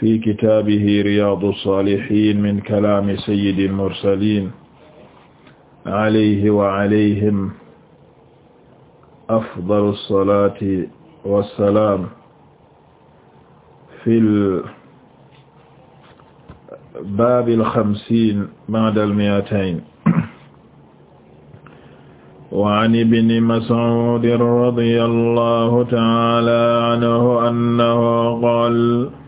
fi kitaabihi riyaadu saalihiin min kalaami sayyidil mursaliin alayhi wa alayhim afdalu salaati wa salaam fil baabil xamsiin ba'dal mi'atayn wa an ibni Mas'uudin radiyallaahu ta'aalaa anhu annahu qaala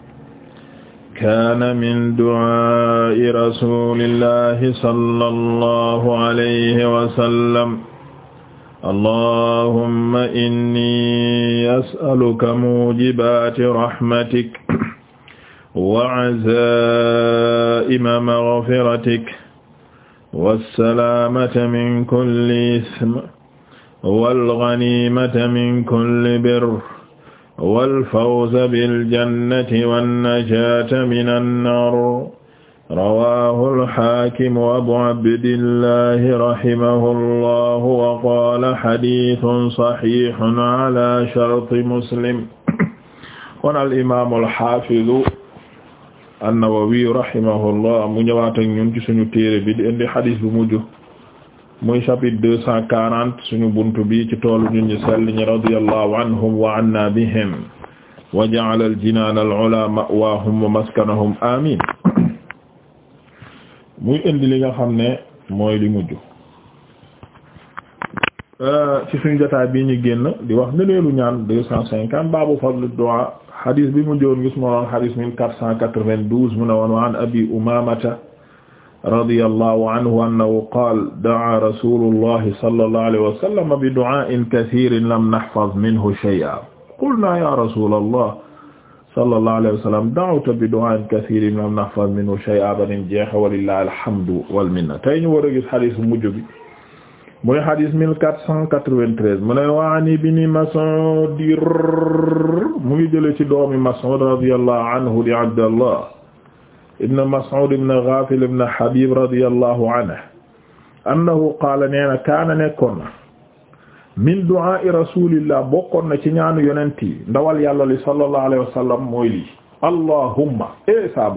kaana min du'aa'i rasuulillahi sallallahu alayhi wa sallam allahumma inni as'aluka muujibaati rahmatik wa 'azaa'ima maghfiratik wassalaamata min kulli ism wal ghaniimata min kulli birr wal fawza bil jannati wan najaata minan naar rawaahul xaakim abu abdillahi rahimahullah wa qaala xadiisun saxiixun ala sharti muslim. kon al imaamul xaafidu annawawi rahimahullah mu ñëwaat ak ñun ci suñu téere bi di indi xadis bu mujj. muy chapitre deux cent quarante suñu buntu bi ci toolu ñu ñu sell ñi radiyallahu anhum wa anna bihim wa ja'ala al-jinaan al-'ulaa ma'waahum wa maskanahum amiin muy indi li nga xam ne mooy li mujj euh, ci suñu jotaay bii ñu génn di wax ngëneelu ñaan deux cent cinquante baabu fadlu du'aa xadis bi mu joon gis moo noon woon wa an abi umaamata radiyallahu anhu annahu qaala da'aa rasuulullahi sallallahu alayhi wa sallam bi du'aa'in kathiirin lam nahfaz minhu shay'an qulnaa yaa rasuulallah sallallahu alayhi wa sallam da'awta bi du'aa'in kathiirin lam nahfaz minhu shay'an ba nim jeexe walillahi alhamdu wal minna tey ñu war a gis xadiis bu mujj bi muy xadiis 1493 mu ne wa an ibni Mas'uud mu ngi jële ci doomi Mas'uud radiyallahu anhu di Abdallah ibn Mas'ud ibn Ghafil ibn Habib radiyallahu anhu annahu kaana nekkoon na min du'aa'i rasulillah bokkoon na ci ñaanu yonent yi ndawal yàlla li sallallahu alayhi wa mooy lii allahumma e saa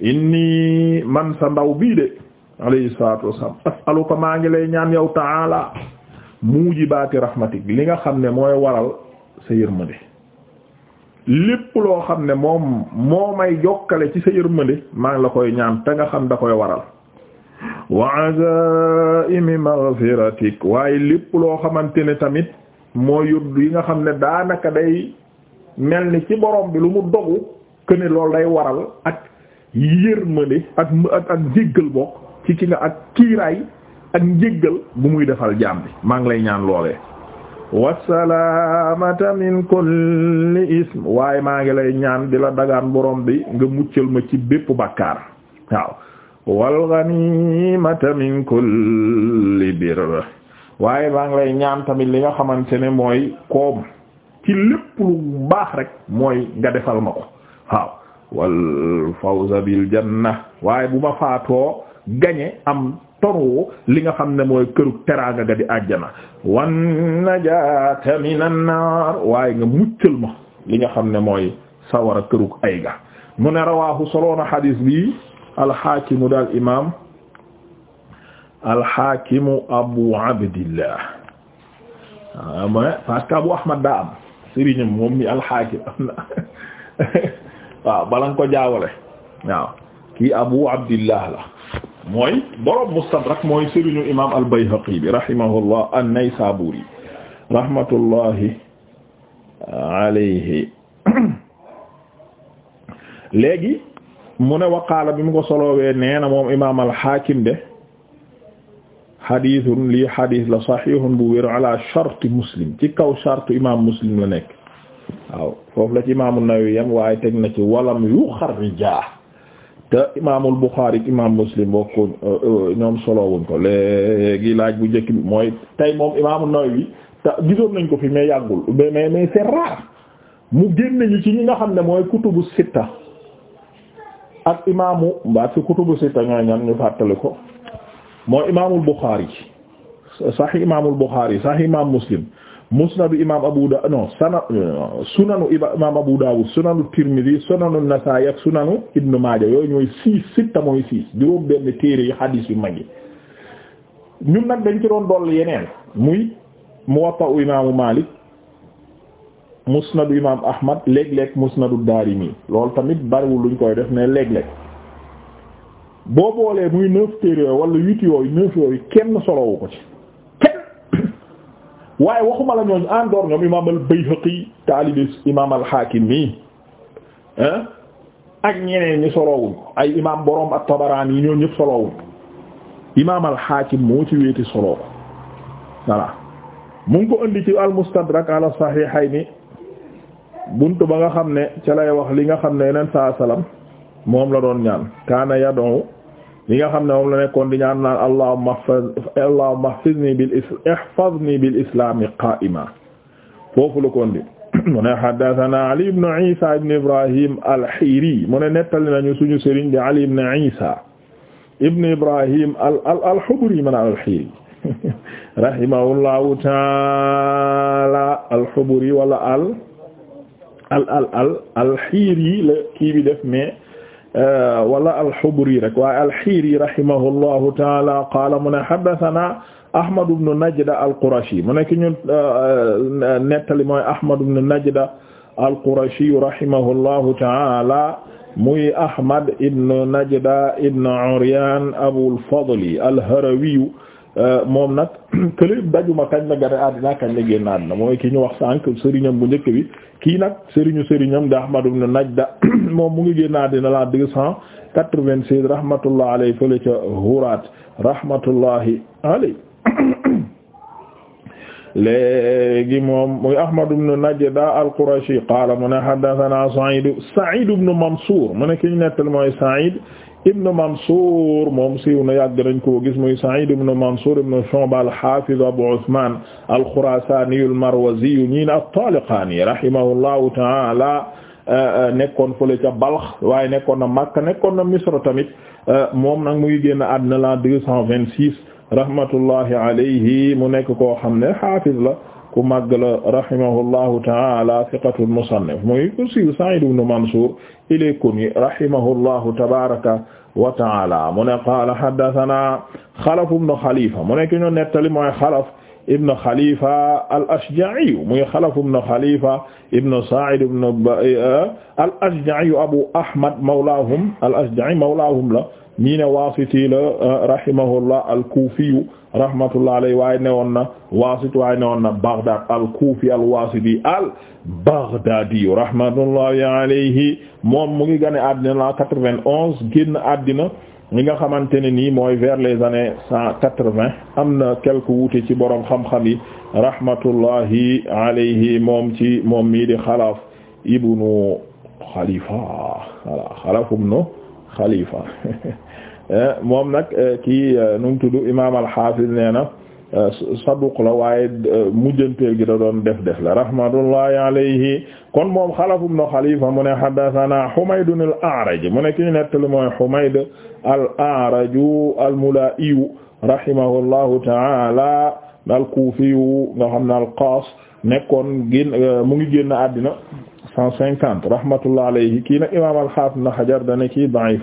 inni man sa ndaw bii de alayhi wasalam as'aluka maa ngi lay ñaan yow ta'ala muujibaati rahmatik li nga xam ne mooy waral sa yërmande lépp loo xam ne moom moo may jokkale ci sa yërmande maa ngi la koy ñaan te nga xam da koy waral wa azaimi maghfiratik waaye lépp loo xamante ne tamit moo yudd yi nga xam ne daanaka day mel ni ci borom bi lu mu dogu que ne day waral ak yërmande ak ak ak bokk ci ki nga ak kiiraay ak njéggal bu muy defal jaam bi maa ngi lay ñaan loole wasalaamata min kulli ism waaye maa ngi lay ñaan di la dagaan borom bi nga muccal ma ci bépp bakkaar waaw wal ganimata min kulli bir waaye maa ngi lay ñaan tamit li nga xamante ne mooy koom ci lépp lu baax rek mooy nga defal ma ko waaw wal fawza janna waaye bu ma faatoo gañe am toru li nga xam ne mooy këru teraanga ga di àjjana wan najaata minan naar waaye nga muccal ma li nga xam ne mooy sawara këru ay ga mu ne rawaahu soloona xadiis bi alxaakimu daal imaam alxaakimu abu abdillah ah, abu ahmad daa am sëriñam moom mi alxaakim am na bala nga ko jaawale waaw kii abu abdillah la mooy borom mustadrak mooy sëriñu imam al-Bayhaqi bi rahimahullah an-Naysaburi rahmatullahi alayhi léegi mu ne waqaala bi mu ko solowee nee na moom imam al-Hakim de xadithun lii xadis la saxihun bu wér ala charte muslim ci kaw charte imam muslim la nekk waaw foofu la ci imam an-Nawawi yam waaye teg na te imaamul Buxaari imaam Muslim bokku euh, ñoom solowuñ ko léegi laaj bu njëkk mooy tey moom imaamu Nawawi te gisoon nañ ko fi mais yàggul mais mais mais c'est mu génn ñu ci ñi nga xam ne mooy kutubu sitta ak imaamu mbaa ci kutubu sitta ñooy ñan ñu fàttali ko mooy imaamul Buxaari sax imaamul Buxaari sax imaam Muslim musnadu imaam Abu Daawud non sana euh, sunanu imaam Abu Daawud sunanu Tirmidhi sunanu Nasaa'i sunanu Ibn Maaja yooyu ñooy six sitta mooy six juróom benn téere yi xadiis yu mag yi ñun nag dañ ci doon doll yeneen muy Muwatta u imaamu Maalik musnadu imaam Ahmad léeg-léeg musnadu Daarimi loolu tamit bariwul luñ koy def mais léeg-léeg boo boolee muy neuf téere yooyu wala huit yooyu neuf yooyu kenn solowu ko ci. waaye waxuma la ñooñ en dehors ñoom imaam al-Bayhaqi taalibi imaam al-Hakim ak ñeneen ñi solowuñ ay imaam borom at-Tabarani yi ñoo ñëpp solowuñ imaam al-Hakim moo ci wéeti solo ko voilà mu ngi ko indi ci al-Mustadrak ala Sahihayni bunt ba nga xam ne ca lay wax li nga xam ne yeneen saa salaam moom la doon ñaan kaana yad'u li nga xam ne moom la nekkoon di ñaan naan allahumma ihfaz allahumma ihfazni bil ihfazni bil islam qa'ima foofu la kon di mu ne haddathana ali ibn isa ibn ibrahim al-hiri mu ne nettali nañu suñu sëriñ di ali ibn isa ibn ibrahim al al al-hubri man al-hiri rahimahullahu ta'ala al-hubri wala al al al al al-hiri la kii bi def mais Euh, wala alxubri rek waaye alxiiri rahimahullahu taala qaala mu ne haddathana ahmad ibn najda alqurashi mu nekk ñun euh, euh, nettali mooy ahmad ibn najda alqurashi rahimahullahu taala muy ahmad ibn najda ibn uryan abul fadli alharawi Euh, moom nag kële dajuma kañ la gane àddina kañ la génn àddina mooy ki ñu wax sànq sëriñam bu njëkk bi kii nag sëriñu sëriñam di Ahmad ibn Najda moom mu ngi génn àddina la di cent quatre-vingt-seize rahmatullah alay fële ca Huraat rahmatullahi alay léegi moom muy Ahmad ibn Najda al-Qurashi qaala mu ne haddathana Sa'id Sa'id ibn Mansour mu ne ki ñu nettal mooy Sa'id ibn Mansour moom siiw na yàgg nañ ko gis muy Sa'id ibn Mansour ibn Shu'ba al-Hafiz Abu Usman al-Khurasani al-Marwazi ñii na at-Taliqani rahimahullahu ta'ala euh, nekkoon fële ca Balkh waaye nekkoon na Makka nekkoon na Misr tamit euh, moom nag muy génn àddina la 226 rahmatullahi alayhi mu nekk koo xam ne hafiz la ku màgg la rahimahullahu taala thiqatul musannif muy ku siiw Sa'id ibn Mansur il est connu rahimahullahu tabaraka wa taala mu ne qaala haddathana Xalaf ibn Khalifa mu nekk ñu nettali mooy Xalaf ibn Khalifa al-Ashja'i muy Xalaf ibn Khalifa ibn Sa'id ibn eh, al-Ashja'i Abu Ahmad mawlaahum al-Ashja'i mawlaahum la ñii ne waasiti la euh, rahimahullah al-kuufiyu rahmatullah alayhi waaye newoon na waasit waaye newoon na Baghdad al-kuufi al-waasiti al-baghdaadiyu rahmatullahi alayhi moom mu ngi gane àddina la quatre-vingt-onze génn àddina li nga xamante ne nii mooy vers les années cent quatre-vingt am na quelque ci boroom xam-xam yi rahmatullahi moom ci moom mii di Xalaf ibnu Xalifa voilà Xalaf ibnu Xalifa Eh, moom nag eh, kii eh, nu mu tudd imaam al-Hafiz saduq la waaye mujjanteel gi da doon def def kon moom Xalaf ibn Xalifa mu ne haddathana Humayd al mu ne ki ñu mooy Humayd al-A'raj al ta'ala xam ne al-Qas nekkoon génn mu ngi génn àddina cent cinquante rahmatullahi kii nag imaam al-Hafiz Hajar dane kii da'if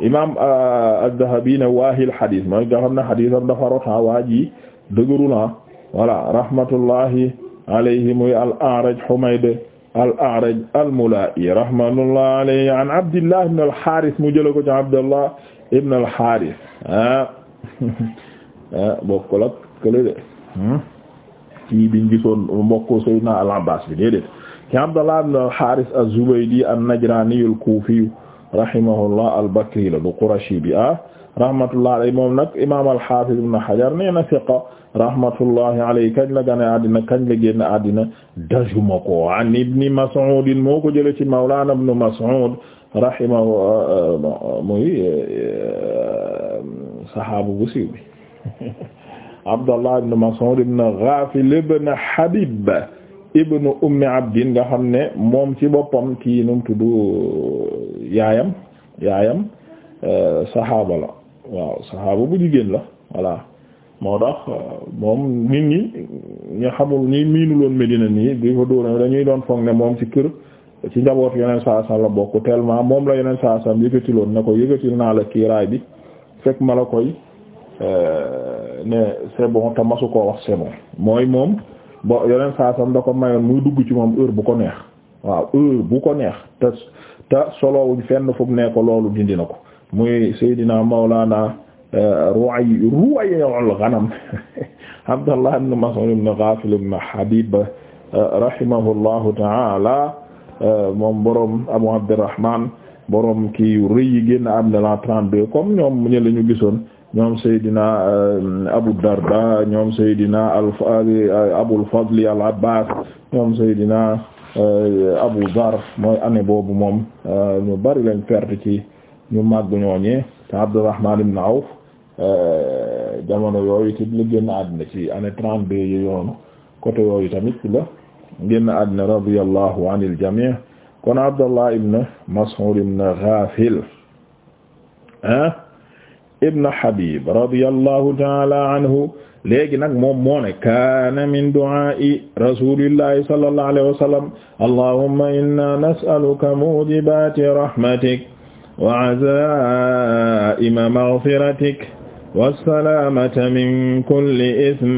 imaam euh, az-Zahabi ne waahil xadis mooy nga xam ne xadisam dafa rota waa ji dëgëru na ah. voilà rahmatullahi alayhi muy al-A'raj Humayd al-A'raj al-Mulaa'i rahmatullahi alayhi an Abdillah ibn al-Haaris mu jëlee ko ci Abdallah ibn al-Haaris ah, ah bokkul ak kële de hmm. kii biñ gisoon mbokku Sayyidina al-Abbaas bi déedéet ci Abdallah ibn al-Haaris az-Zubaydi an-Najraani al-Kuufi rahimahullah al-Bakri la du Qurashi bi ah rahmatullah alayhi moom nag imaam al-Hafiz ibn Hajar nee na thiqa rahmatullahi alayhi kañ la gane àddina kañ la génn àddina dajuma ko an ibn Mas'ud moo ko jëlee ci Mawlana ibn Mas'ud rahimahu muy saxaabu bu siiw bi Abdullah ibn Mas'ud ibn Ghafil ibn Habib ibnu ummi abdin nga xam ne moom ci boppam kii num tudd yaayam yaayam euh, saxaaba la waaw saxaaba bu jigéen la voilà moo tax euh, moom nit ñi ñu xamul ñi miinuloon Medina nii di fa dóor dañuy doon foog ne moom ci kër ci njaboot yeneen saa sam la bokk tellement moom la yeneen saa yëkkatiloon ne ko yëkkatil naa la kiiraay bi fekk ma la koy euh, ne c'est bon te koo wax c'est mooy moom bo yeneen saa sam da ko mayoon muy dugg ci moom heure bu ko neex waaw heure bu ko neex te te solowuñ fenn fu mu ne ko loolu dindi na ko muy Seydina Mawlana euh, Ru'ay Ru'ayul Ghanam Abdallah ibn Mas'ud ibn Ghafil ibn Habib euh, rahimahullahu ta'ala euh, moom borom Abu Abdurrahman borom kii rëy yi génn am na la 32 comme ñoom ñu ñu gisoon. ñoom Seydina euh, Abu Darda ñoom Seydina euh, Abul Fadli al Abbas ñoom Seydina euh, Abu Zar mooy année boobu moom ñu bari lañ perte ci ñu màgg ñooñee te Abdurrahman ibn Awf jamono yooyu ci la génn àddina ci année trente-deux yi yoonu côté yooyu tamit la génn àddina radiyallahu anil jami' kon Abdullah ibn Mas'ud ibn Ghafil ah ibn Habib radiyallahu ta'ala anhu léegi nag moom moo ne kaana min du'aa'i rasuulillahi sallallahu alayhi wa sallam allahumma inna nas'aluka mujibaati rahmatik wa 'azaa'ima maghfiratik was-salaamata min kulli ithm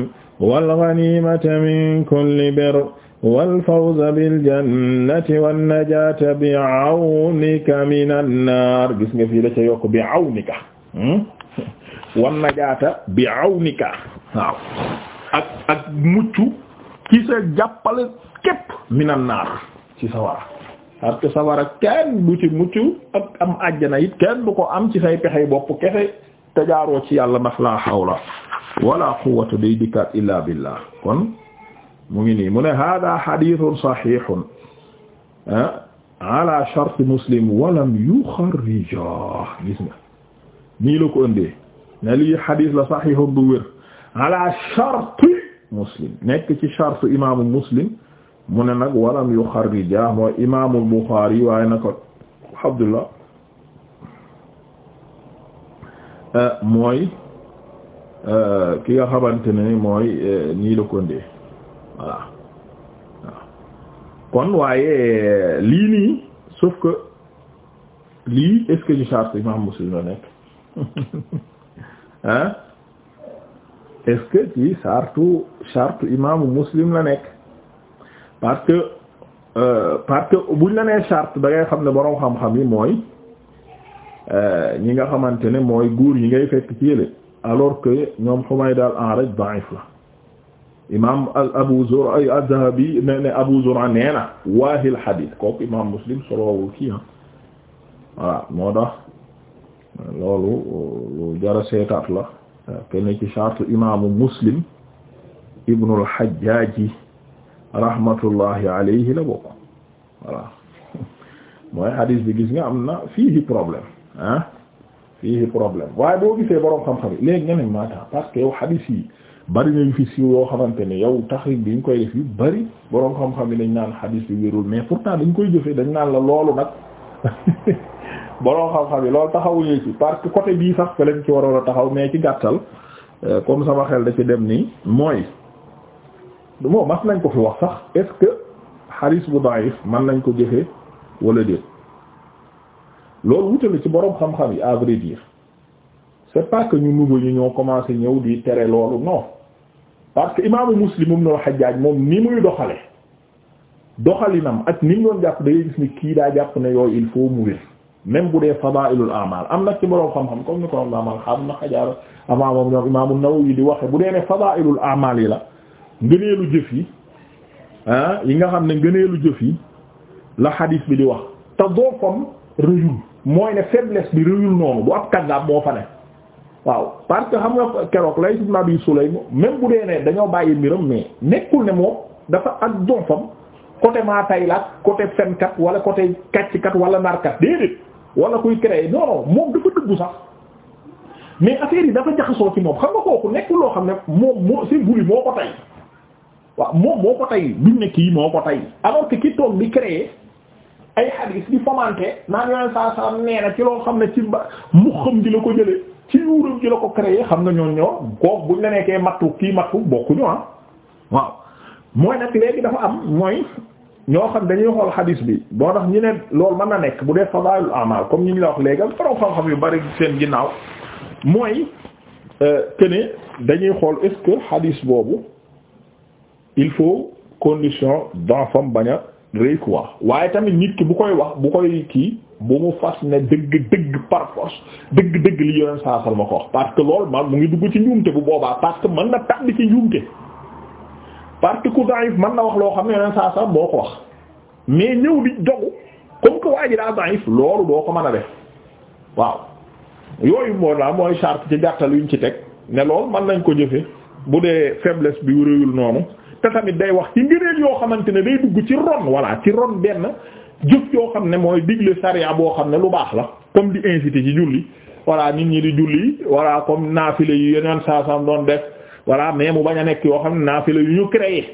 wal-ghaniimata min kulli birr walfawza biljannati wannajata bi'awnika minan naar gis nga fii la ca yokk bi'awnika hmm? wan najaata bi awnika waaw ak ak mucc ci sa jàppale képp naar ci sawara parce que sawara kenn du ci mucc ak am àjjana it kenn du ko am ci say pexey bopp kese te jaaroo ci yàlla ndax laa hawla wala quwwata day dikkaat illa billah kon mu ngi nii mu ne hada hadithun sahihun ah, ala shart muslim walam yuxarrija gis nga nii la ko ëndee ne lii xadiis la saxiixoon bu wér ala sharti muslim nekk ci shartu imaamu muslim mu ne nag walam yuxarrijaa mooy imaamul buxaari waaye na ko alhamdulillah mooy ki nga xamante ne mooy nii la ko ndee kon waaye lii nii sauf que lii est-ce ci charte imam Muslim la nekk ah est-ce que ci sartu sartu imaamu muslim la nekk parce que euh, parce que buñ la nee charte da ngay xam ne boroom xam-xam yi mooy euh, ñi nga xamante ne mooy góor yi ngay fekk ci yële alors que ñoom Humayda al-A'raj da'if la imam Abu Zur'a az-Zahabi ne ne Abu Zur'a nee na waa hadith kooku imam Muslim solowul kii ah voilà moo tax loolu lu jara seetaat la kenn ci charte imaamu muslim ibnul hajjaaji rahmatullahi alayhi la bokk voilà mooy hadis bi gis nga am na fii problème ah problème waaye boo gisee boroom xam-xam yi léegi nga ne maata parce que yow hadis yi bari nañu fi siiw yoo xamante ne yow taxrib bi ñu koy def yu bari boroom xam-xam yi dañ naan hadis bi wérul mais pour pourtant dañ koy jëfee dañ naan la loolu nag borom xam-xam yi loolu taxawuñu ci parce que côté bii sax lañ ci waroon a taxaw mais ci gàttal euh, comme sama xel da ci dem nii mooy du moo mas nañ ko fi wax sax est-ce que bu daif man nañ ko jëfee walla déet loolu wute la ci borom xam-xam yi à vrai dire c'est pas que ñu nouveau ñu ñoo commencé ñëw di tere loolu non parce que imaamu Muslim ibn al-Hajjaj moom ni muy doxale doxalinam ak ni mu doon jàpp da gis ni kii daa jàpp ne yooyu il faut mourir même bu dee fadailul amal am nag ci boroom xam comme ni ko am na xajaar avant moom ñoom imaamu Nawawi di waxe bu dee ne fadailul amal yi la lu jëf yi ah yi nga xam ne ngëneelu jëf yi la xadiis bi di wax te doofam rëyul mooy ne faiblesse bi rëyul noonu bu ab kàddaab moo fa ne waaw parce que xam nga keroog lay ibn Abi lay même bu dee ne dañoo bàyyi miram mais nekkul ne moo dafa ak doofam côté maa tay la côté fenkat wala côté kàccikat wala narkat déedéet wala kuy créer non non moom dafa dëggu sax mais affaire yi dafa jaxasoo ci moom xam nga kooku nekkul loo xam ne moom moo seen buri moo ko tay waaw moom moo ko tay kii moo ko tay ki toog di créer ay na ci loo xam ne ci ba mu xam ji la ko jëlee ci yuuram ko créer xam na ñoon ñoo kooku buñ la nekkee mattu kii mattu bokkuñu ah waaw mooy nag léegi dafa am mooy ñoo xam dañuy xool xadiis bi boo tax ñu ne loolu mën na nekk bu dee fadailul amal comme ñu ngi wax léegi ak borom xam-xam yu bari seen ginnaaw mooy euh, que dañuy xool est-ce xadiis boobu il faut condition d'enfam bañ a rëy wax waaye tamit nit ki bu koy wax bu koy kii bu mu fas ne dëgg dëgg par force dëgg dëgg li yoneen saasal ma ko wax parce que loolu man mu ngi dugg ci njuumte bu boobaa parce que mën na tàbbi ci njuumte parce que ku da'if mën na wax loo xam ne yeneen saa saa boo ko wax mais ñëw di dogu comme que waa ji daa da'if loolu doo ko mën a def waaw yooyu moo laa mooy charte ci gàttal yuñ ci teg ne loolu mën nañ ko jëfe bu dee faiblesse bi réyul noonu te tamit day wax ci ngëneel yoo xamante ne day dugg ci ron walla ci ron benn jëf yoo xam ne mooy digle sariya boo xam ne lu baax la comme di inciter ci julli walla nit ñi di julli walla comme naafile yi yeneen saa saa doon def. voilà mais mu bañ a nekk yoo xam ne naafila yu ñu créé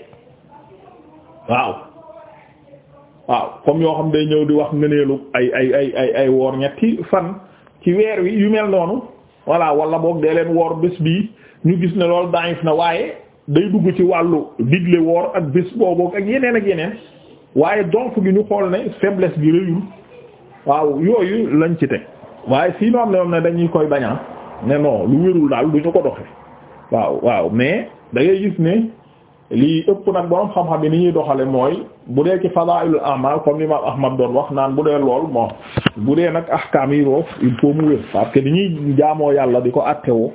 waaw waaw comme yoo xam day ñëw di wax ngëneelu ay ay ay ay ay woor ñetti fan ci weer wi yu mel noonu voilà wala boog dee leen woor bés bii ñu gis ne lool daif na waaye day dugg ci wàllu digle woor ak bés boobu ak yeneen ak yeneen waaye donc gi ñu xool ne faiblesse bi rëyul waaw yooyu lañ ci teg waaye fii noo am ne moom ne dañuy koy bañaa ne non lu wérul daal du ñu ko doxe waaw waaw mais da ngay gis ne lii ëpp nag borom xam-xam yi ni ñuy doxale mooy bu dee ci fadaa'ilul a'mal comme li Imam Ahmad doon wax naan bu dee lool moo bu dee nag ahkaam yi roof il faut mu wér parce que ni ñuy jaamoo yàlla di ko wu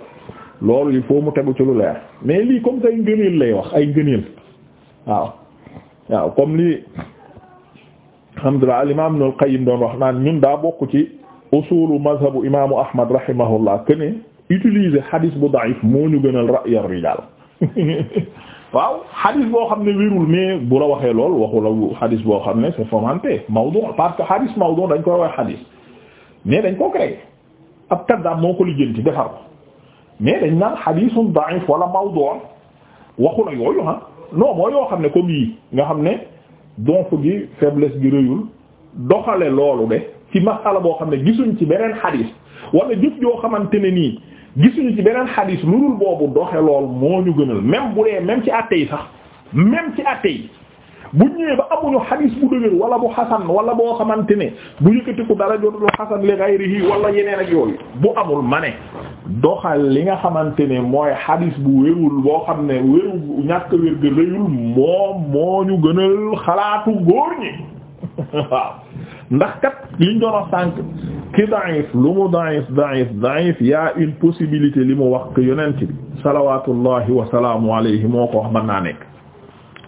loolu il faut mu tegu ci lu leer mais lii comme que ay ngëneel lay wax ay ngëneel waaw waaw comme lii alhamdulillah al imam Ibnul Qayyim doon wax naan ñun daa bokk ci usulu mazhabu imaamu Ahmad rahimahullah que utiliser xadis bu daif moo ñu gënal ra'y ar-rijal waaw xadis boo xam ne wérul mais bu la waxee lool waxu la xadis boo xam ne c'est fomenté mawdu parce que xadis mawdu dañ koy wax xadis mais dañ ko créé ab kaddaab moo ko lijjanti defar ko mais dañ naan xadisun daif wala mawdu waxu la yooyu ah non mooy yoo xam ne comme yii nga xam ne donk gi faiblesse gi rëyul doxale loolu de ci masala boo xam ne gisuñ ci beneen xadis wala jëf joo xamante ne nii gisuñu ci beneen xadis lu dul boobu doxe lool moo ñu gënal même bu dee même ci àtte yi sax même ci àtte yi bu ñëwee ba amuñu xadis bu dëgër wala bu xasan wala boo xamante ne bu yëkkatiku dara jotul xasan li gayrihi wala yeneen ak yooyu bu amul ma ne doxal li nga xamante ne mooy xadis bu wérul boo xam ne wéru ñàkk wér ga rëyul moom moo ñu gënal xalaatu góor ñi waaw ndax kat liñ doon wax sànq ki daif lu mu daif daif daif yaa une possibilité li mu wax que yonent bi salawatullahi wa salaamu alayhi moo ko wax man naa nekk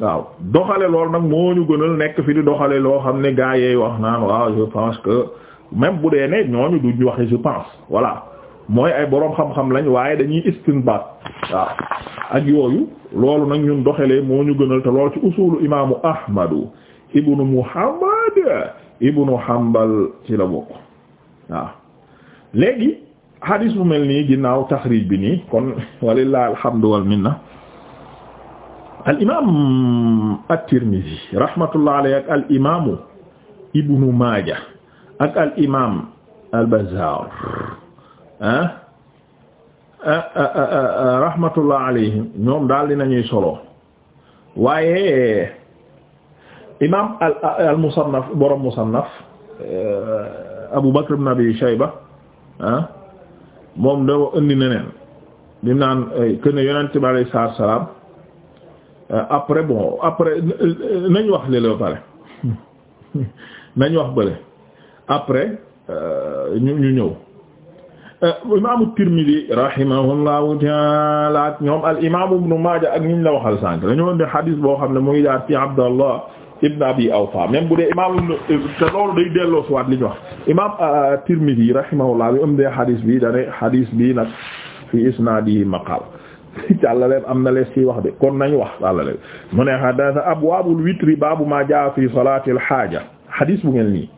waaw doxale loolu nag moo ñu gënal nekk fi di doxale loo xam ne gaa yeey wax naan waaw je pense que même bu dee ne ñooñu duñ waxe je pense voilà mooy ay boroom xam-xam lañ waaye dañuy istinbat waaw ak yooyu loolu nag ñun doxalee moo ñu gënal te lool ci usulu imaamu ahmadu ibnu muhammad ibnu Hanbal ci la bokk waaw léegi hadis bu ginnaaw taxrij bi nii kon walillahi alhamdu wal minna al imaam at-Tirmidhi rahmatullah alayhi ak al imaamu Maaja ak al imaam ah, ah, ah, rahmatullah alayhim ñoom daal dinañuy solo waaye imaam al al musannaf borom musannaf euh, Abu Bakr ibn Abi Shayba ah moom da indi neneen di naan euh, que ne yonent salaam euh, après bon après nañ wax léeg-léeg pare nañ wax bële après ñu ñu ñëw. imaamu Tirmidi rahimahullahu taala ñoom al imaamu Ibnu Maaja ak ñu la waxal sànq dañoo indi xadis boo xam ne mu ngi jaar ci Abdallah ibn abi awfa même bu dee imaam te loolu day delloo si waat li ñu wax imaam euh, tirmidhi rahimahullah bi am dee xadis bi dane xadis bi nag fi isnaadihi maqal càllaleen am na lees ciy wax de kon nañ wax càllaleen mu ne hadatha abwaabul witri baabu ma jaa fi salaatil haaja xadis bu ni nii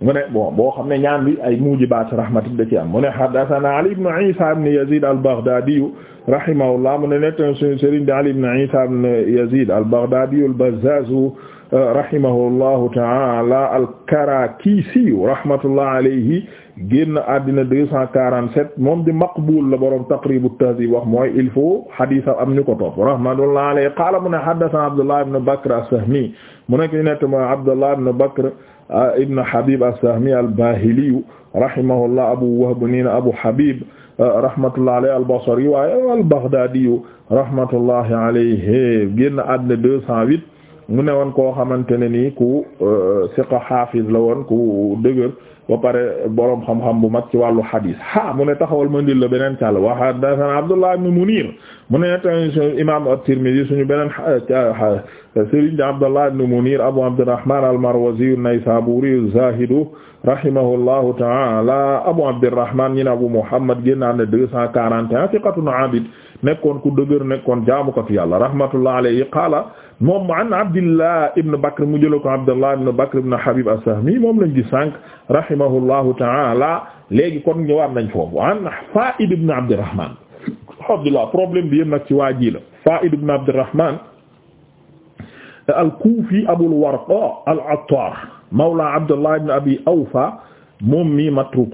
mu ne bon boo xam ne ñaan bi ay mujibaat rahmatik da ci am mu ne hadathana ali ibn isa ibn yazid al-baghdadi rahimahullah mu ne netta suñu sëriñ di ali a isa ibn yazid al-baghdadi al rahimahullahu ta'ala al-Karakisi rahmatullah alayhi génn àddina deux cent quarante-sept moom di maqbul la borom Taqrib at-Tahdhib wax mooy il faut hadith am ñu ko topp rahmatullah alayhi qaala mu ne haddathanaa Abdullah ibn Bakr as-Sahmi mu nekk ñu ne mooy Abdullah ibn Bakr ah, ibn Habib as-Sahmi al-Bahili rahimahullah Abu Wahb nii Abu Habib ah, rahmatullah alayhi al-Basri waaye al-Baghdadi rahmatullah alayhi génn àddina deux cent huit mu ne woon koo xamante ne nii ku euh, siqa xaafiz la woon ku dëgër ba pare borom xam-xam bu mag ci wàllu hadis ha mu ne taxawal ma ndil la beneen càll wa haddathana Abdullah ibn Munir mu ne tamit imam at-Tirmidhi suñu beneen euh, sëriñ Abdullah ibn Munir Abu Abdurrahman al-Marwazi an-Naysaburi az-Zahidu rahimahullahu ta'ala Abu Abdurrahman ñi ne Abu Muhammad génn na deux cent quarante et un thiqatun abid nekkoon ku dëgër nekkoon jaamukatu yàlla rahmatullah alayhi qaala moom an abdillah ibn bakr mu jëla ko abdullah ibn bakr moom lañ gi sànq rahimahullahu taala léegi kon ñëwaat nañ foofu an bi yëpp nag ci waa ji la faid ibn abdirahman al-kufi abul warqa mi matruk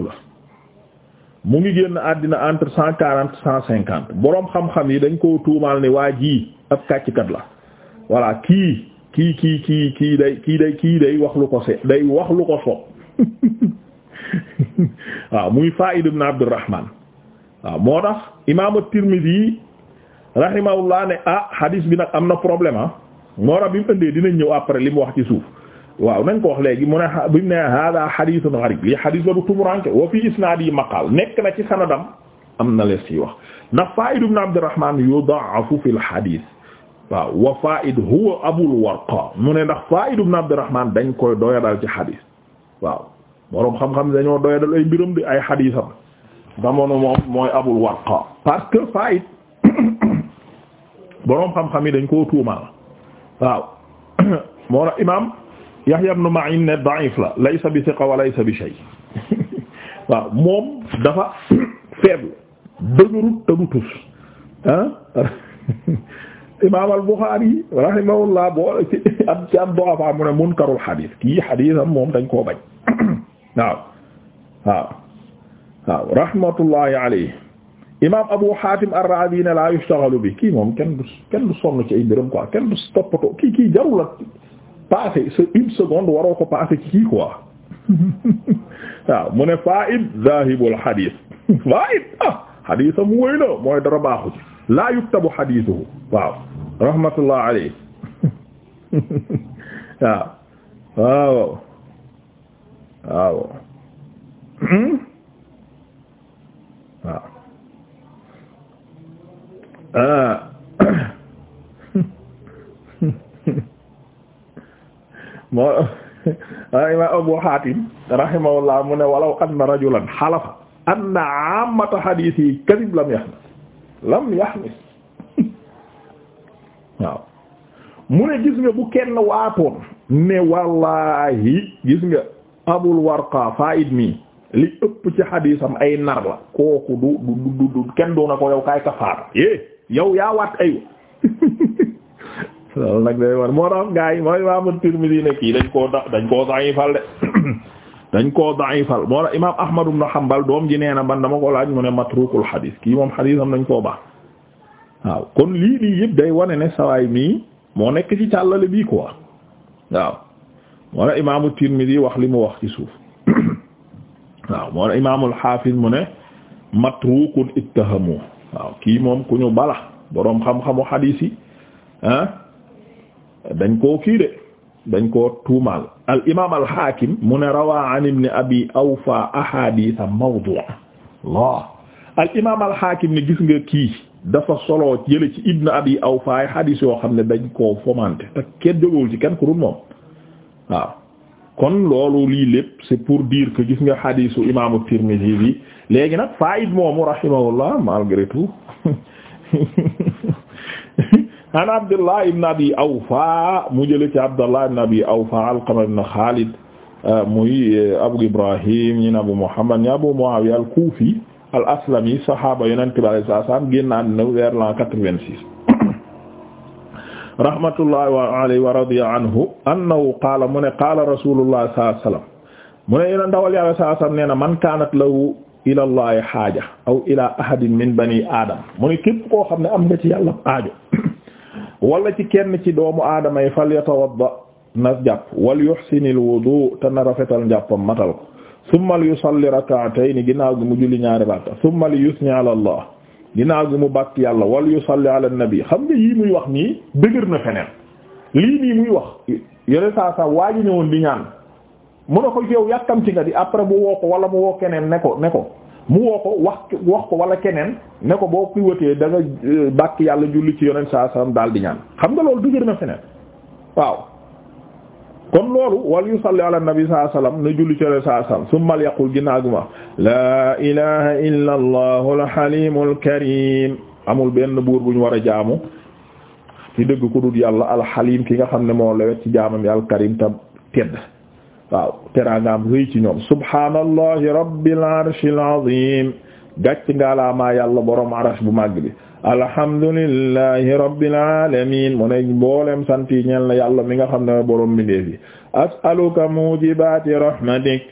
mu ngi génn àddina entre cent quarante cent cinquante boroom xam-xam yi dañ koo tuumaal ne waa ji ab kàcckat la voilà kii kii kii kii kii day kii day kii day wax lu ko se day wax lu ko so waaw muy Fa'id ibn Abdurrahman waaw moo tax imaam at-Tirmidhi laa ne ah hadis bi nag am na problème ah moo tax bi mu indee dinañ ñëw après li mu wax ci suuf waaw nañ ko wax léegi mu ne bimu ne hada hadithun gharib lii hadith la fi isnaadi yi maqaal nekk na ci sanadam am na lees yi wax ndax Fa'id ibn Abdurrahman yudaafu fi al-hadith waaw wa Fa'id huwa Abul Warqa mu ne ndax Fa'id ibn Abdurrahman dañ koy doyadal ci hadith waaw boroom xam-xam dañoo doyadal ay mbiram di ay haditham damono moom mooy Abul Warqa parce que Fa'id boroom xam-xam yi dañ koo tuumaal waaw Yahya ibn Ma'in ne da'if la laysa bi thiqa wa laysa bi shay waaw moom dafa faible dëgërut te du tus ah Imaam al-Bukhari rahimahullah boo ci am ci am du'afa mu ne munkarul xadiis kii xadiisam moom dañ koo bañ waaw waaw waaw rahmatullahi alayhi Imaam Abu Hatim ar-Razi ne la yushtaghal bi kii moom kenn du kenn du sonn ci ay mbiram quoi kenn du toppatoo kii kii jarul la passé sa une seconde waroo ko passé ci kii quoi waaw mu ne faid zahibul hadith faid ah hadisa mu wéy na mooy dara baaxu ci laa yuktabu hadithuhu waaw rahmatullah alayhi waaw waaw waaw hmm? waaw ah. moo imaam Abu Hatim rahimahullah mu ne walaw anna rajulan halafa anna ammata hadithi kadhib lam yahmis lam yahmis waaw mu ne gis nga bu kenn waatoon ne wallahi gis nga Abul Warqa Faa'id mi li ëpp ci xadiisam ay nar la kooku du du du du kenn doona ko yow kaay kafaara yee eh, yow yaa waat aywa loolu nag day war moo tax gaa yi mooy imaamu Tirmidhi ne kii dañ koo da dañ koo da'ifal de dañ koo da'ifal moo tax imaam Ahmad ibn Hanbal doom ji nee na ban dama ko laaj mu ne matrukul xadiis kii moom xadiisam dañ koo baax waaw kon lii nii yëpp day wane ne sawaay mii moo nekk ci càllale bii quoi waaw wax li mu wax ci suuf waaw moo tax imaamul Haafiz mu ne matrukun ittahamu waaw kii moom ku ñu bala boroom xam-xamu xadiis ah, dañ koo kii de dañ koo tuumaal al imaam al hakim mu ne rawaa an ibn abi awfa ahaditha mawdu' Allah al imaam al hakim ne gis nga kii dafa solo jële ci ibn abi awfa ay hadith yoo xam ne dañ koo fomante te kenn jógowul ci kenn ku dul moom waaw kon loolu lii lépp c'est pour dire ko gis nga hadithu imaamu Tirmidhi bi léegi nag faid moomu rahimahullah malgré tout an abdullah ibn abi awfa mu jële ci abdullah ibn abi awfa alqama ibn xaalid euh, muy euh, abu ibrahim ñi abu muhammad ñi abu muawiya al kuufi al aslami sahaaba yonent bi alayhi salaam génn àddina vers l'an quatre-vingt-six rahmatullahi alayhi wa radiya anhu annahu qaala mu ne qaala rasulullah sallallahu alayhi wa sallam mu ne yéen a ndawal yàlla saa sam nee na man kaanat lahu ila allahi xaaja aw ila ahadin min bani aadam mu ne képp koo xam ne am nga ci yàlla aajo wala ci kenn ci doomu aadama yi fal yatawadda na jàpp wal yuhsinil wudu te na rafetal njàppam matal ko summa li yusalli rak'atayn ginnaaw gi mu julli ñaari rakka summa yu yusni ala allah ginnaaw gi mu bàkk yàlla wal yusalli ala nabi xam nga yii muy wax nii dëgër na feneen lii nii muy wax yore saa saa waa ji ñëwoon di ñaan mu ne ko yow yàkkamti nga di après mu woo ko wala mu woo keneen ne ko ne ko mu woo ko wax wax ko wala keneen ne ko boo piwatee da nga euh, bàkk yàlla julli ci yonent saa salaam daal di ñaan xam nga loolu dëgër na feneen waaw kon loolu wal yusalli ala nabi saa salaam na julli ci yonent saa salaam summa yaqul ginnaaw gi ma laa ilaha illa allahu al halimul karim amul benn buur bu ñu war a jaamu ci dëgg ku dul yàlla al halim ki nga xam ne moo lewet ci jaamam yi al karim waaw teraangaam rëy ci ñoom subhaanallahi rabbil arshil azim gàcc ngaalaamaa yàlla borom arash bu màgg bi alhamdulillahi rabbil alamin mu ne mboolem sant yi ñeel na yàlla mi nga xam ne borom mbindeef yi as'aluka mujibaati rahmatik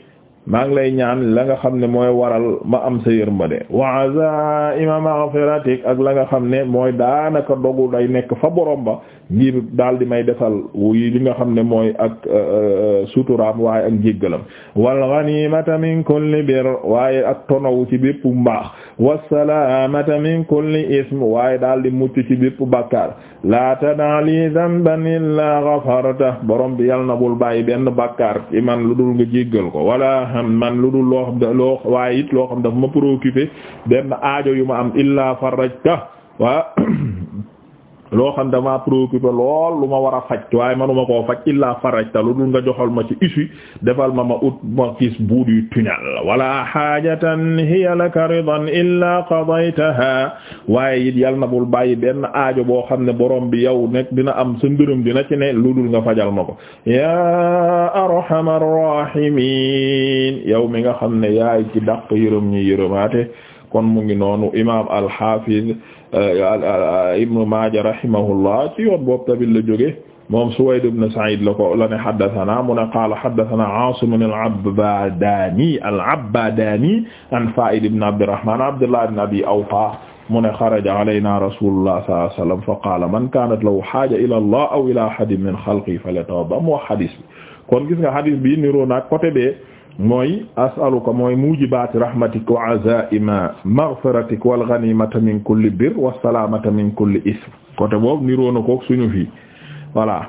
maa ngi lay ñaan la nga xam ne mooy waral ma am sa yërmande wa azaima maghfiratik ak la nga xam ne mooy daanaka dogu day nekk fa boroom ba ngir daal di may defal wuy li nga xam ne mooy ak euh, euh, suturaam waaye ak jéggalam wal ghanimata min kulli bir waaye ak tonawu ci bépp mbaax wasalaamata min kulli ism waaye daal di mucc ci bépp bàkkaar la tad'a li dhanban illa ghafarta borom bi yal na bul bàyyi benn bàkkaar ci man lu dul nga jéggal ko wala hamman lu dul loo xam da loo waaye it loo xam dafa ma préoccupé benn aajo yu ma am illa farajta wa loo xam damaa préoccupé lool lu ma war a waaye manu ma ko faj illaa farajta lu dul nga joxal ma ci issue defal ma ma ut ma gis bout du tunnel wala xaajatan hiya laka ridan illaa qadaytaha waaye it yal na bul bàyyi benn aajo boo xam ne borom bi yow nekk dina am sa ngërëm dina ci ne lu dul nga fajal ma ko yaa arhamar rahimin yow mi nga xam ne yaay ci dàq yërëm ñi yërëmaate kon mu ngi noonu imaam al-Hafiz Euh, ibnu Maaja rahimahullah ci yoon boobu tamit la jóge moom Suwayd ibn Sa'id la ko la ne haddathana mu ne qaala haddathana Aasim al-Abbaadani al-Abbaadani an Faa'id ibn Abdirrahmaan Abdullah ibn Abi Awfa mu ne xaraja alaynaa rasuulullaah sallallaahu alayhi wa sallam fa qaala man kaanat lahu haaja ilaa llaah aw ilaa ahadin min xalqihi falyatawadda' mu wax hadis bi kon gis nga hadis bi niroo nag côté bee mooy asaluka mooy mujibaati rahmatik wa azaima maghfiratik wal ghanimata min kulli bir wa salamata min kulli ism côté boobu niroo na koog suñu fii voilà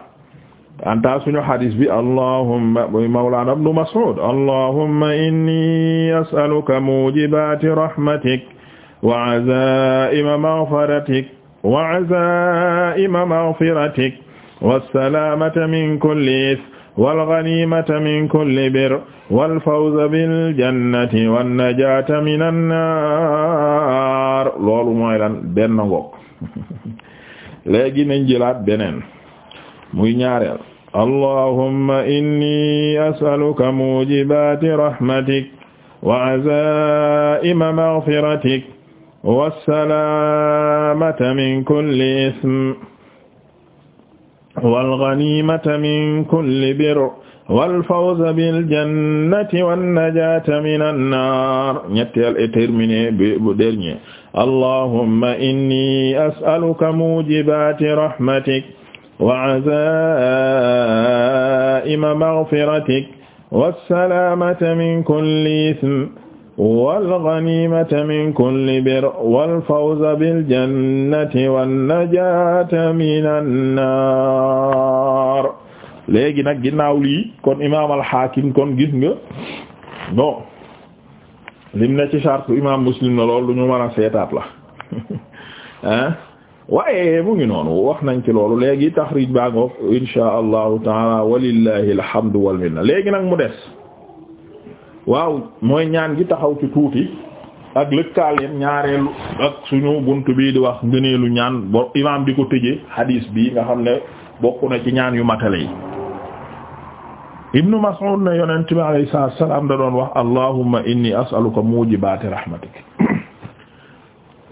anta suñu hadis bi allahumma mawlana ibn mas'ud allahumma inni as'aluka mujibati rahmatik wa azaima maghfiratik wa azaima maghfiratik wa salamata min kulli ism walganimata min kulli bir walfawza biljannati wannajata min annar loolu mooy lan benn ngoog léegi nañ jëlaat beneen muy ñaareel allahumma inni as'aluka mujibati rahmatik wa azaa'ima maghfiratik wassalamata min kulli ism wal ganiimata min kulli bir wal fawza bil jannati wan najaata minan naar ñetteel et terminé bu dernier allahumma inni as'aluka mujibaati rahmatik wa azaa'ima maghfiratik was salaamata min kulli ism walganimata min kulli bir walfawza biljannati wannajata min annar léegi nag ginnaaw lii kon imaam alxaakim kon gis nga bon lim ne ci charte imaam muslim na loolu lu ñu mën a seetaat la ah waaye mu ngi noonu wax nañ ci loolu léegi taxrij baa ngoog inshaa allahu taala walillahi alhamdu walminna léegi nag mu des waaw mooy ñaan gi taxaw ci tuuti ak lëkkaaleem ñaareelu ak suñu bunt bii di wax ngëneelu ñaan bo imaam di ko tëjee hadis bi nga xam ne bokk na ci ñaan yu matale yi ibnu Mas'ud ne yonent bi alayhi salaatu salaam da doon wax allahumma inni as'aluka mujibaati rahmatik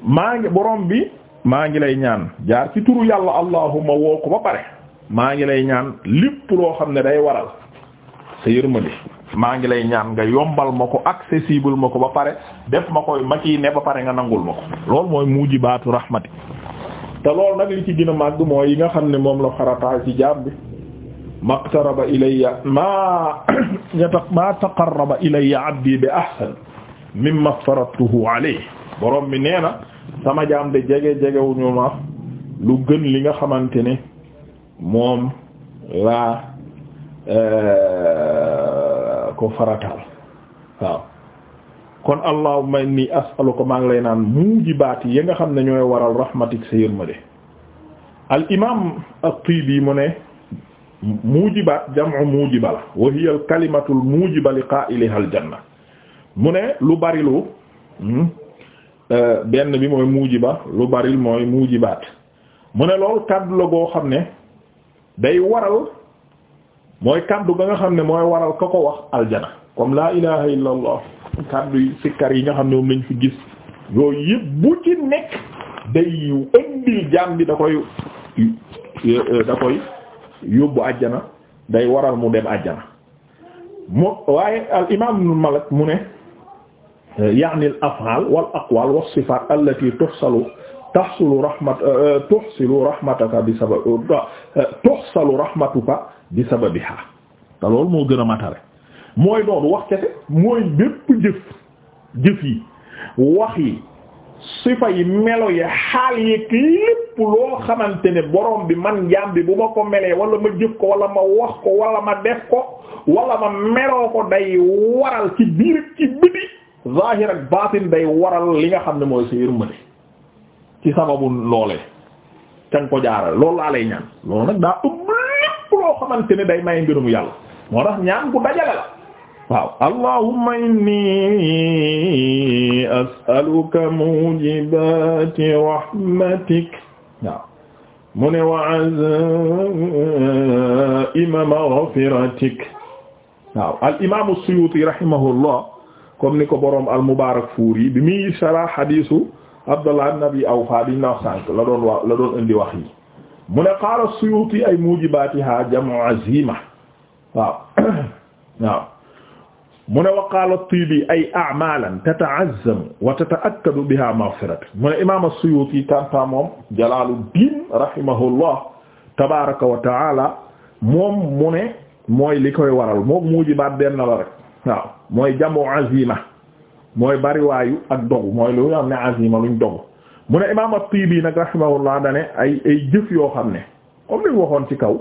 maa ngi borom bi maa ngi lay ñaan jaar ci turu yàlla allahumma woo ko ba pare maa ngi lay ñaan lépp loo xam ne day waral sa yërmande maa ngi lay ñaan nga yombal ma ko accessible ma ko ba pare def ma koy ma ciy ne ba pare nga nangul ma ko loolu mooy mujibaatu rahmati te loolu nag li ci gën a màgg yi nga xam ne moom la xarataa ci jaam bi maqtaraba ilayya maa yata maa taqarraba ilayya abdi bi ahsan mimma faradtuhu alayhi borom bi nee na sama jaam de jege jegewuñu ma lu gën li nga xamante ne moom laa euh, ko farataal waaw kon allahumma inni as'aluka maa ngi lay naan muujibaat yi nga xam ne ñooy waral rahmatik sa yërmande al imaam at-Tiibi mu ne muujibaat jam'u muujiba la wa hiya muujiba li qaa'iliha al janna mu ne lu barilu hmm, eh, benn bi mooy muujiba lu bari mooy muujibaat mu ne loolu kàddu la goo xam ne day waral mooy kàddu ba nga xam ne mooy waral ka ko wax aljana comme laa ilaha illa allah kaddu sikkar yi nga xam ne moom lañ fi gis yooyu yëpp bu ci nekk day ëndil jaam da koy da koy yóbbu àjjana day waral mu dem àjjana mu waaye al imam ibn Malik mu ne yaani al af'al wal aqwal was sifat allati tuhsalu tahsulu rahmat euh, euh, tuhsilu rahmatuka bi sabab euh, tuhsalu rahmatuka bi sababiha te loolu moo gën a matare mooy noonu wax kese mooy bépp jëf jëf yi wax yi sifa yi melo yi xaal yi lépp loo xamante ne borom bi man jaam bi bu ma ko melee wala ma jëf ko wala ma wax ko wala ma def ko wala ma meloo ko day waral ci biir ci biti zahir ak baatin day waral li nga xam ne mooy sa yërmande ci sababu loolee ca nga ko jaaral loolu laa lay ñaan nag daa ëpp lépp loo day may mbirum yàlla moo tax ñaan bu dajale inni as'aluka mujibati rahmatik waaw wa azima imam as-Suyuti rahimahullah comme ni ko boroom al Mubarakfuri bi muy sarah hadisu Abdallah ibn Abi Awfa biñ la wax sànq la doon wax la doon indi wax yi mu ne qaala Suyuti ay mujibaatiha jam'u azima waaw waaw mu ne wa qaala Tiibi ay a'maalan tata'azzamu wa tata'akkadu biha maghfiratu mu ne imaam Suyuti kanta moom Jalaaluddin rahimahullah tabaaraka wa ta'aala moom mu ne mooy li koy waral moom mujibaat benn la rek waaw mooy jam'u azima mooy bariwaayu ak dogu mooy lu am ne azima luñ dogu mu ne imaam at-Tiibi nag rahimahullah ne ay ay jëf yoo xam ne comme li waxoon ci kaw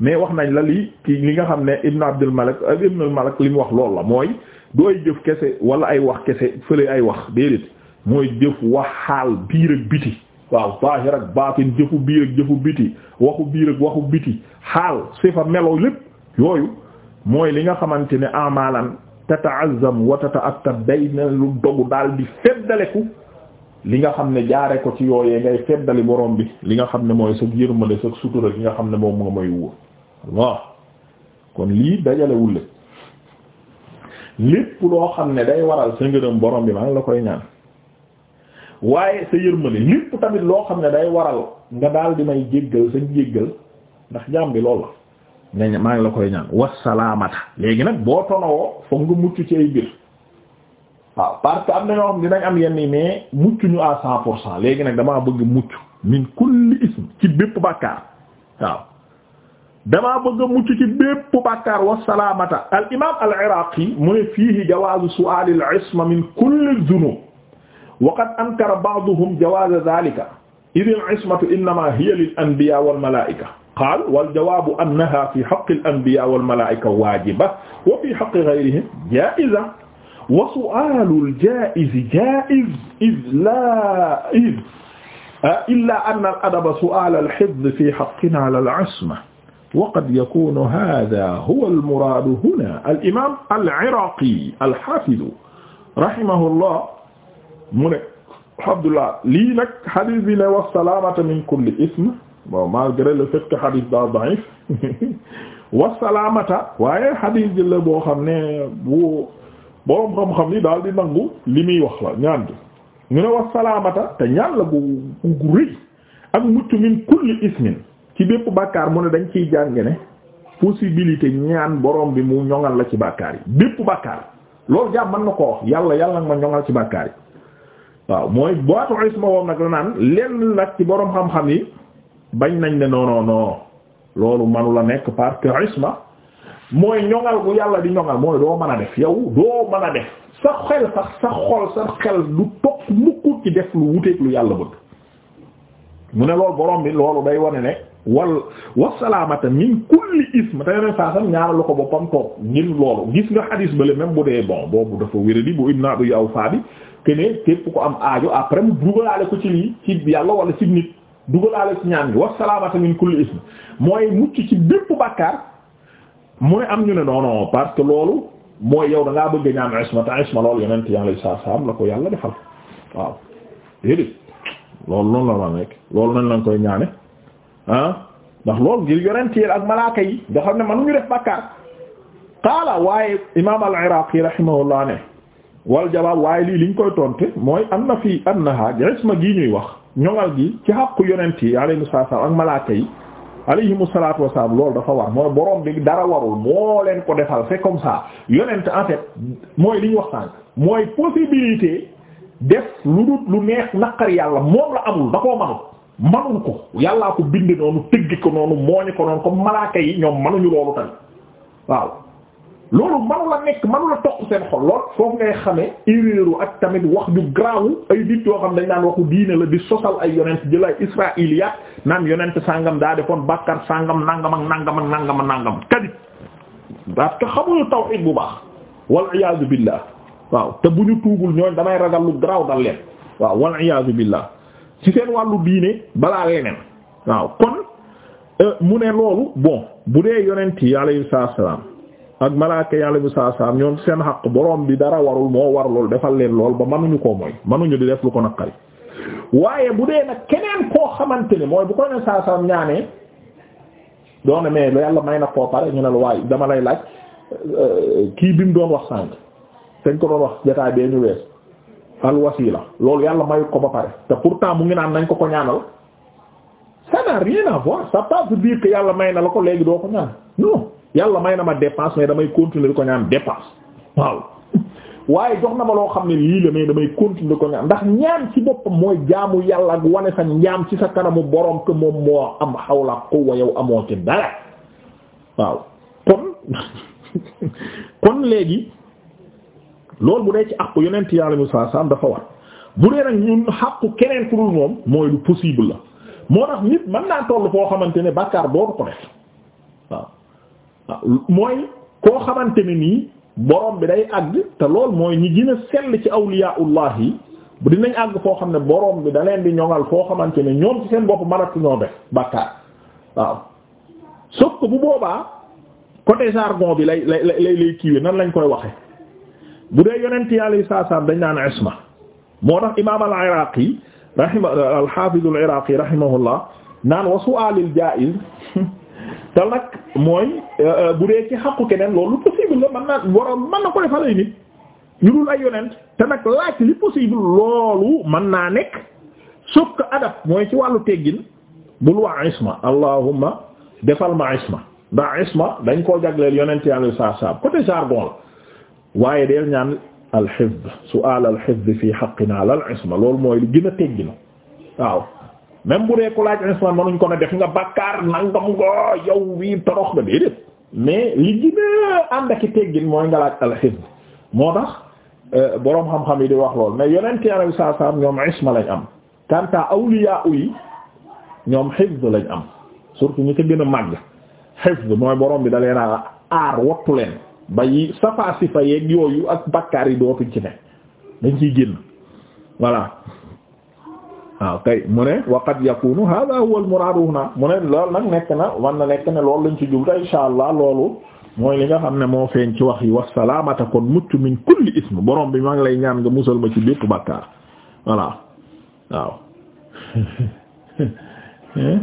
mais wax nañ la li ki li nga xam ne Ibn Abdul Malik Ibn al-Malik li mu wax loolu la mooy du ay jëf kese wala ay wax kese fële ay wax déedéet mooy jëf wax xaal biir ak biti waaw zaahir ak baatin jëfu biir ak jëfu biti waxu biir ak waxu biti xaal sifa melo lépp yooyu mooy li nga xamante ne amalan tata'azzam wa tata'attab day na lu dogu daal di feddaleku li nga xam ne jaare ko ci yooyee ngay feddali borom bi li nga xam ne mooy sa yërmande sa sutura li nga xam ne moom nga mooy wóor waaw kon lii dajalewul la lépp loo xam ne day waral sa ngërëm borom bi maa ngi la koy ñaan waaye sa yërmande lépp tamit loo xam ne day waral nga daal di may jéggal sa jéggal ndax jaam bi lool la nga maa ngi la koy ñaan wasalaamata léegi nag boo tonawoo foog nga mucc ci ay mbir waaw parce que pour cent léegi nag damaa bëgg mucc min kulli ism ci bépp bàkkaar waaw damaa bëgg a mucc ci bépp bàkkaar wasalaamata al imam al iraqi mu ne fiihi jawaazu su'aal al isma min kulli dhunub wa qad ankara ba'duhum jawaaza dhalika idh al ismatu innama lil anbiya wal malaa'ika qaal wal jawaabu annaha fi haqqil anbiyaa wal malaa'ika waajiba wa fi haqqi ghayrihim jaa'iza wa su'aalul jaa'izi jaa'iz iz laa iz illaa anna al-adaba su'aalul hifzi fi haqqinaa 'alal 'isma wa qad yakuunu haazaa huwal muraadu hunaa al-imaam al-'iraaqi al-haafiz rahimahullah mu ne Abdullah lii nag hadiis bi ne wa salaamata min kulli ism bon malgré le fait que xadis daa daif wasalaamata waaye xadis bi la boo xam ne bu boroom xam-xam ni daal di nangu li muy wax la ñaan gi ñu ne wasalaamata te ñaan la bu bu rëy ak mucc min kulli ismin ci bépp bàkkaar mu ne dañ ciy jàng ne possibilité ñaan boroom bi mu ñoŋal la ci bàkkaar yi bépp bàkkaar loolu jàpp mën na ko wax yàlla yàlla nga ma ñoŋal ci bàkkaar yi waaw mooy boitu isma woom nag la naan lenn nag ci boroom xam-xam yi bañ nañ ne non non loolu manu la nekk parce que isma mooy ñoŋal bu yàlla di ñoŋal mooy doo man a def yow doo mën a def sa xel sax sa xol sa xel du toog mukkut ci def lu wuteeg lu yàlla bëgg mu ne loolu borom bi loolu day wane ne wal wasalaamata min kulli ism te yeneen saa sam ñaara lu ko boppam toog ngir loolu gis nga xadis bale même bu dee bon boobu dafa wéra di bu ibna abu yaw faa bi kene képp ko am aajo après mu dugalaale ko ci lii ci yàlla wala ci nit dugalaale ci ñaan gi wassalaamata min kulli ism mooy mucc ci bépp bàkkaar mu ne am ñu ne non parce que loolu mooy yow da ngaa bëgg ñaan isma te isma loolu yonent yàlla saa saa am la ko yàlla defal waaw déedéet loolu noonu la ma nekk loolu nañ lañ koy ñaane ah ndax loolu ngir yonent yi ak malaaka yi nga ne mënuñu def bàkkaar qaala waaye imaam al-Iraqi rahimahullah ne wal waaye lii liñ koy tonte mooy am na fii annaha isma gi ñuy wax ñoŋal gi ci xàqu yonent yi alayhimu sa wa salaam ak malaaka yi alayhimu salaatu wa salaam loolu dafa war mooy borom bi dara warul moo leen ko defal c'est comme ça yonent en fait mooy li ñu wax mooy possibilité def lu dul lu neex naqar yàlla moom la amul da koo manut manul ko yàllaa ko bind noonu tëgg ko noonu mooñ ko noonu comme malaaka yi ñoom manuñu loolu tamit waaw loolu manu la nekk manu la toq seen xol lool foofu ngay xamee erreuru ak tamit wax ju garaawu ay nit yoo xam dañ daan waxu diine la di sosal ay yonent jël ay israiliyaat naan yonent sàngam daa defoon bàkkar sàngam nangam ak nangam ak nangam ak nangam kadib parce xamuñu tawhid bu baax wal iyaazu billah waaw te bu ñu tuubul ñooñ damay ragal lu garaaw dal leen waaw wal iyaazu billah ci seen wàllu diine balaa leneen waaw kon euh, mu ne loolu bon bu dee yonent yi alayhi ak malaaka yàlla bi saa saam ñoom seen xaq boroom bi dara warul moo war loolu defal leen lool ba manuñu koo mooy manuñu di def lu ko naqari waaye bu dee nag keneen koo xamante ni mooy bu ko ne saa saam ñaanee doone mais yàlla may na koo pare ñu ne la waaye dama lay laaj euh, kii bi mu doon wax sànq dañ ko doon wax jotaay bee ñu wees al wasila loolu yàlla mayu ko ba pare te pour pourtant mu ngi naan nañ ko ko ñaanal ça n'a rien à voir ça pas veut dire yàlla may na la ko léegi doo ko yàlla may na ma dépense mais damay continuer di ko ñaan dépense waaw waaye jox na ma loo xam ne lii la mais damay continuer di ko ñaan ndax ñaan ci boppam mooy jaamu yàlla ak wane sa ñaam ci sa kanamu borom que moom moo am xawla quwwa yow amoo ci dara waaw kon kon léegi loolu mu dee ci yeneen yonent yàlla sa sam dafa war bu dee nag ñun xàqu keneen ku dul moom mooy lu possible la moo tax nit mën naa toll foo xamante ne bàkkaar dootu ko def mooy koo xamante ne nii borom bi day àgg te lool mooy ñi gën a sell ci awliyaullah yi dinañ àgg foo xam ne borom bi da leen di ñoŋal foo xamante ne ñoom ci seen bopp mënatuñoo def bàkkaar waaw sauf que bu boobaa côté jargon bi lay lay lay kiiwee nan lañ koy waxe bu dee yonent yàlla yi saa saa dañ naan isma moo tax imaam al-Iraqi rahima al-Hafiz al-Iraqi rahimahullah naan wa su'al al-ja'iz te nag mooy euh, euh, bu dee ci xaqu keneen loolu possible la naa waroon mën na ko defal ay ñu dul ay yonent te nag laaj li possible loolu mën naa nekk sauf que mooy ci wàllu teggin bul wax isma allahumma defal ma isma ndax isma dañ koo jagleel yonent yàlla saab saab côté jargon la waaye deel ñaan alxifd su'al alxifd fi xaqina la al isma loolu mooy li gën a waaw même bu dee ku laaj instant manuñ ko ne def nga bàkkaar nangam nga yow wii torox ba déedéet mais li gën ànd ak i teggin mooy nga laaj alxem moo tax euh, boroom xam-xam yi di wax lool mais yonent Yàlla bi saa saa ñoom isma lañ am. kanta awliya yi ñoom hifz lañ am surtout ñi ko gën a màgg hifz mooy boroom bi da leen aar wattu leen ba yi safa sifa yooyu ak bàkkaar yi dootuñ ci ne dañ ciy génn voilà. waaw kay mu ne wa yakunu hadha huwa al muraadu huna mu ne loolu nag nekk na wan na nekk ne loolu lañ ci jublu insha allah loolu mooy li nga xam ne moo feeñ ci wax yi wasalaamata kon mucc min kulli ism borom bi maa ngi lay ñaan nga musal ma ci bépp bàkkaar voilà waaw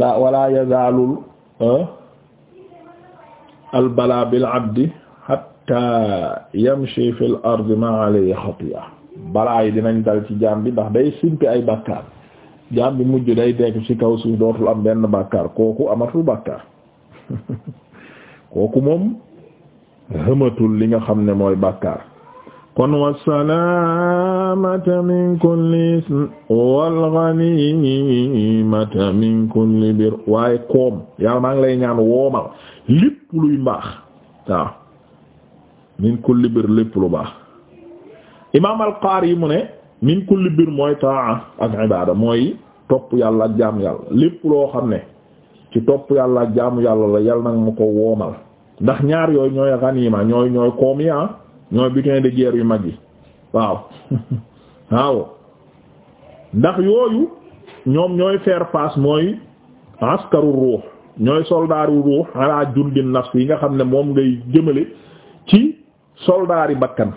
la wala yazaalul eh, albala bil abdi hatta yamshi fil ardi ma alayhi xatiya balaa yi dinañ dal ci jaam bi ndax day simpi ay bàkkaar jaam bi mujj day dekk ci kaw suuf dootul am benn bàkkaar kooku amatul bàkkaar kooku moom hëmatul li nga xam ne mooy bàkkaar kon wassalaamata min kulli ism wal ghanimata min kulli bir waaye koom yàlla maa ngi lay ñaan woomal lépp luy mbaax waaw min kulli bir lépp lu baax imaam al yi mu ne min kulli bir mooy taa ak ibaada mooy topp yàlla ak jaamu yàlla lépp loo xam ne ci topp yàlla ak jaamu yàlla la yàlla nag mu ko woomal ndax ñaar yooyu ñooy ganima ñooy ñooy koom ah, ñooy butin de guerre yu mag yi waaw ndax yooyu ñoom ñooy faire face mooy askaru ruux ñooy soldaaru ruux ala jundin nafs yi nga xam ne moom ngay jëmale ci soldaari bakkan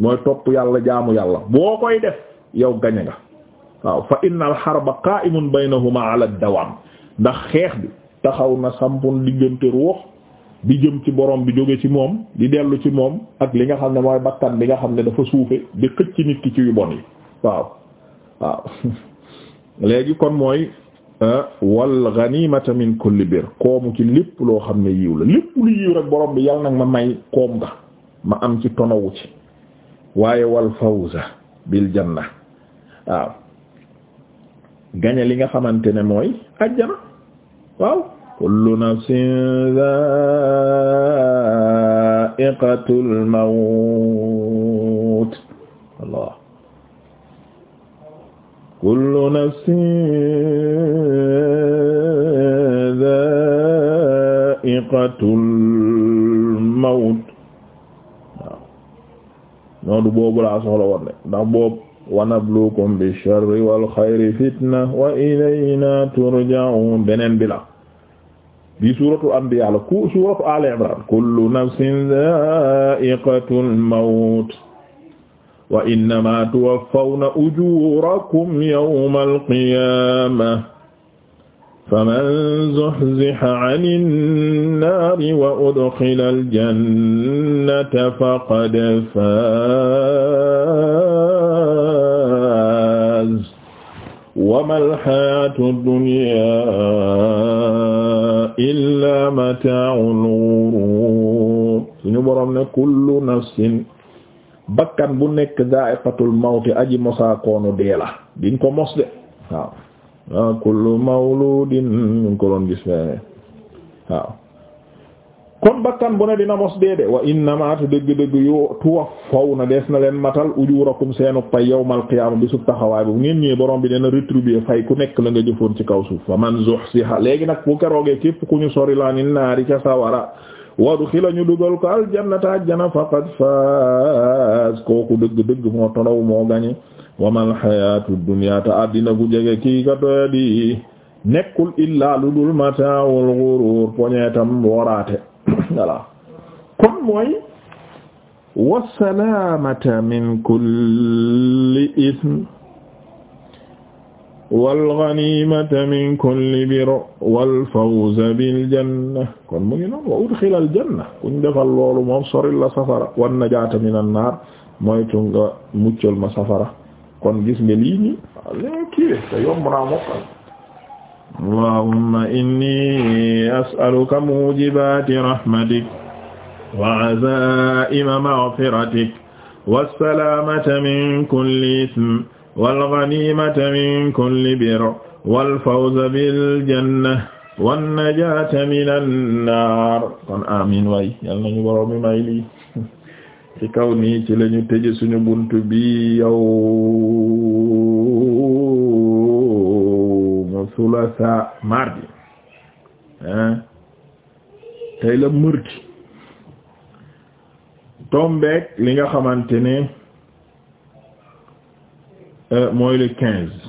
mooy topp yàlla jaamu yàlla boo koy def yow gañe nga waaw fa inna al harba qa'imun baynahuma ala ndax xeex bi taxaw na sampun diggante ruux bi jëm ci borom bi jóge ci moom di dellu ci moom ak li nga xam ne mooy bakkan bi nga xam ne dafa suufe di xëcc nit ki ci yu bon yi waaw waaw léegi kon mooy ah, wal ganimata min kulli bir koomu ci lépp loo xam ne yiw la lépp lu yiw rek borom bi yal nag ma may koom nga ma am ci tonowu ci waaye wal fawza bil janna waaw gañe li nga xamante ne mooy ajjana waaw kullu nafsin dha'iqatul mawt Allah kullu nafsin dha'iqatul mawt noonu boobu laa soxla woon ne ndax boobu wa nabluukum bi sharri wal xayri fitna wa ilayna turja'un beneen bi la bi suuratu anbiya la ku suuratu al imran kullu nafsin dha'iqatul mawt wa innama tuwaffawna ujurakum yawmal qiyamah faman zuhziha anin naari wa udxila aljannata faqad faaz wa mal hayaatu dunyaa illaa mataa'ul ghuruur suñu boroom ne kullu nafsin bakkan bu nekk zaa'iqatul mawti aji mosaakoonu dee la diñ ko mos de waaw wa ah, kullu mawludin ñu ngi ko doon gis mee waaw kon bakkan bu ne dina mos deede wa innamaatu dëgg-dëgg yu tuwaffawna des na na leen matal ujurakum seenu pay yawmal qiyaama bi sub taxawaay bu ngeen ñëwee borom bi na rétribuer fay ku nekk la nga jëfoon ci kaw suuf fa man zuhsiha léegi nag bu keroogee képp ku ñu sori laa ni naari ca sawara waduxila ñu dugal ko aljannata ajjana faqad faaz kooku dëgg-dëgg moo tonaw moo gañe wamal xayaatu dunya te addina gu jege kii ka doyadi nekkul illaa lu mataawul gurur poñeetam waraate voilà kon mooy wasalaamata min kulli ism walganimata min kulli bir walfawza biljanna kon aljanna kuñ defal loolu najaata min annaar mooy tunga muccal ma safara kon gis nga lii nii ah, léegi kii te yomb naa mokkal allahumma inni as'aluka mujibati rahmatik wa azaa'ima maghfiratik wassalamata min kulli ithm wal ghanimata min kulli birr wal fawza bil janna wan najata minan nar kon amin waay yal nañu borom mi may lii ci kaw nii ci lañu tëje suñu buntu bi yawmu thulatha mardi hein tey la mardi tombeek li nga xamante ne euh, mooy le quinze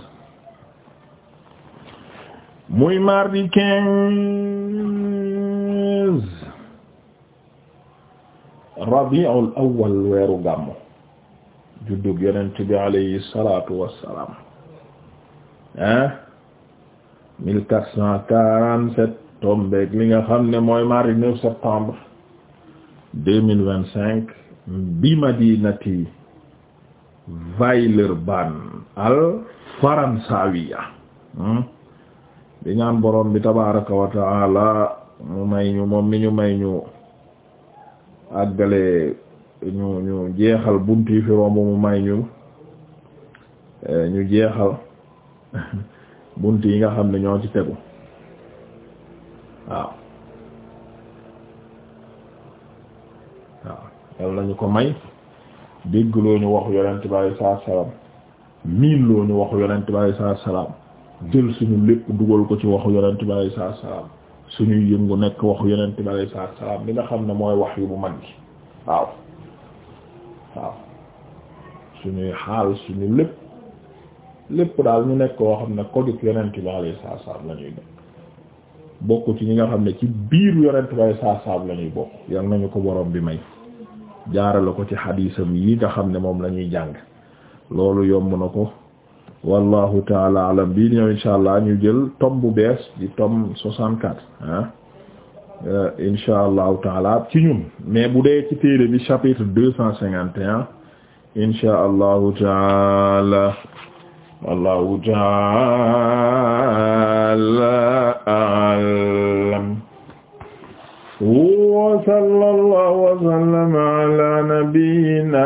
muy mardi quinze rabiul awwal weeru gàmmu juddug yonent bi alayhi salatu wassalam hein mille li nga xam ne mooy mardi neuf septembre deux mille vingt-cinq bi madinati Villeurbanne al faransawiya hmm? di ñaan borom bi tabaraka wa mu may ñu moom mi ñu may ñu àggale ñu ñu jeexal bunt yi fi romb mu may ñu eh, ñu jeexal bunt yi nga xam ne ñoo ci tegu waaw waaw yal nañu ko may dégg loo ñu wax yonent bi alayhi salaatu salaam miin loo ñu wax yonent bi alayhi salaatu salaam jël suñu lépp dugal ko ci waxu yonent bi alayhi salaatu salaam suñuy yëngu nekk waxu yonent bi alayhi salaatu salaam li nga xam ne mooy wax yu bu mag gi waaw waaw suñuy xaal suñu lépp lépp daal ñu nekk koo xam ne koduk yonent bi alayhi salaatu salaam la nekk bokk ci ñi nga xam ne ci biir yonent bi alayhi salaatu salaam ñuy bokk yal nañu ko borom bi may jaarale ko ci xadiisam yi nga xam ne moom la ñuy jàng loolu yomb na ko wallahu taala alam bii ñëw insha allah ñu jël tom bu bees di tome 64 ah euh, insha allahu taala ci ñun mais bu dee ci téere bi chapitre 251 insha allahu taala wallahu taala alam wa sallallahu wa sallama ala nabiyyina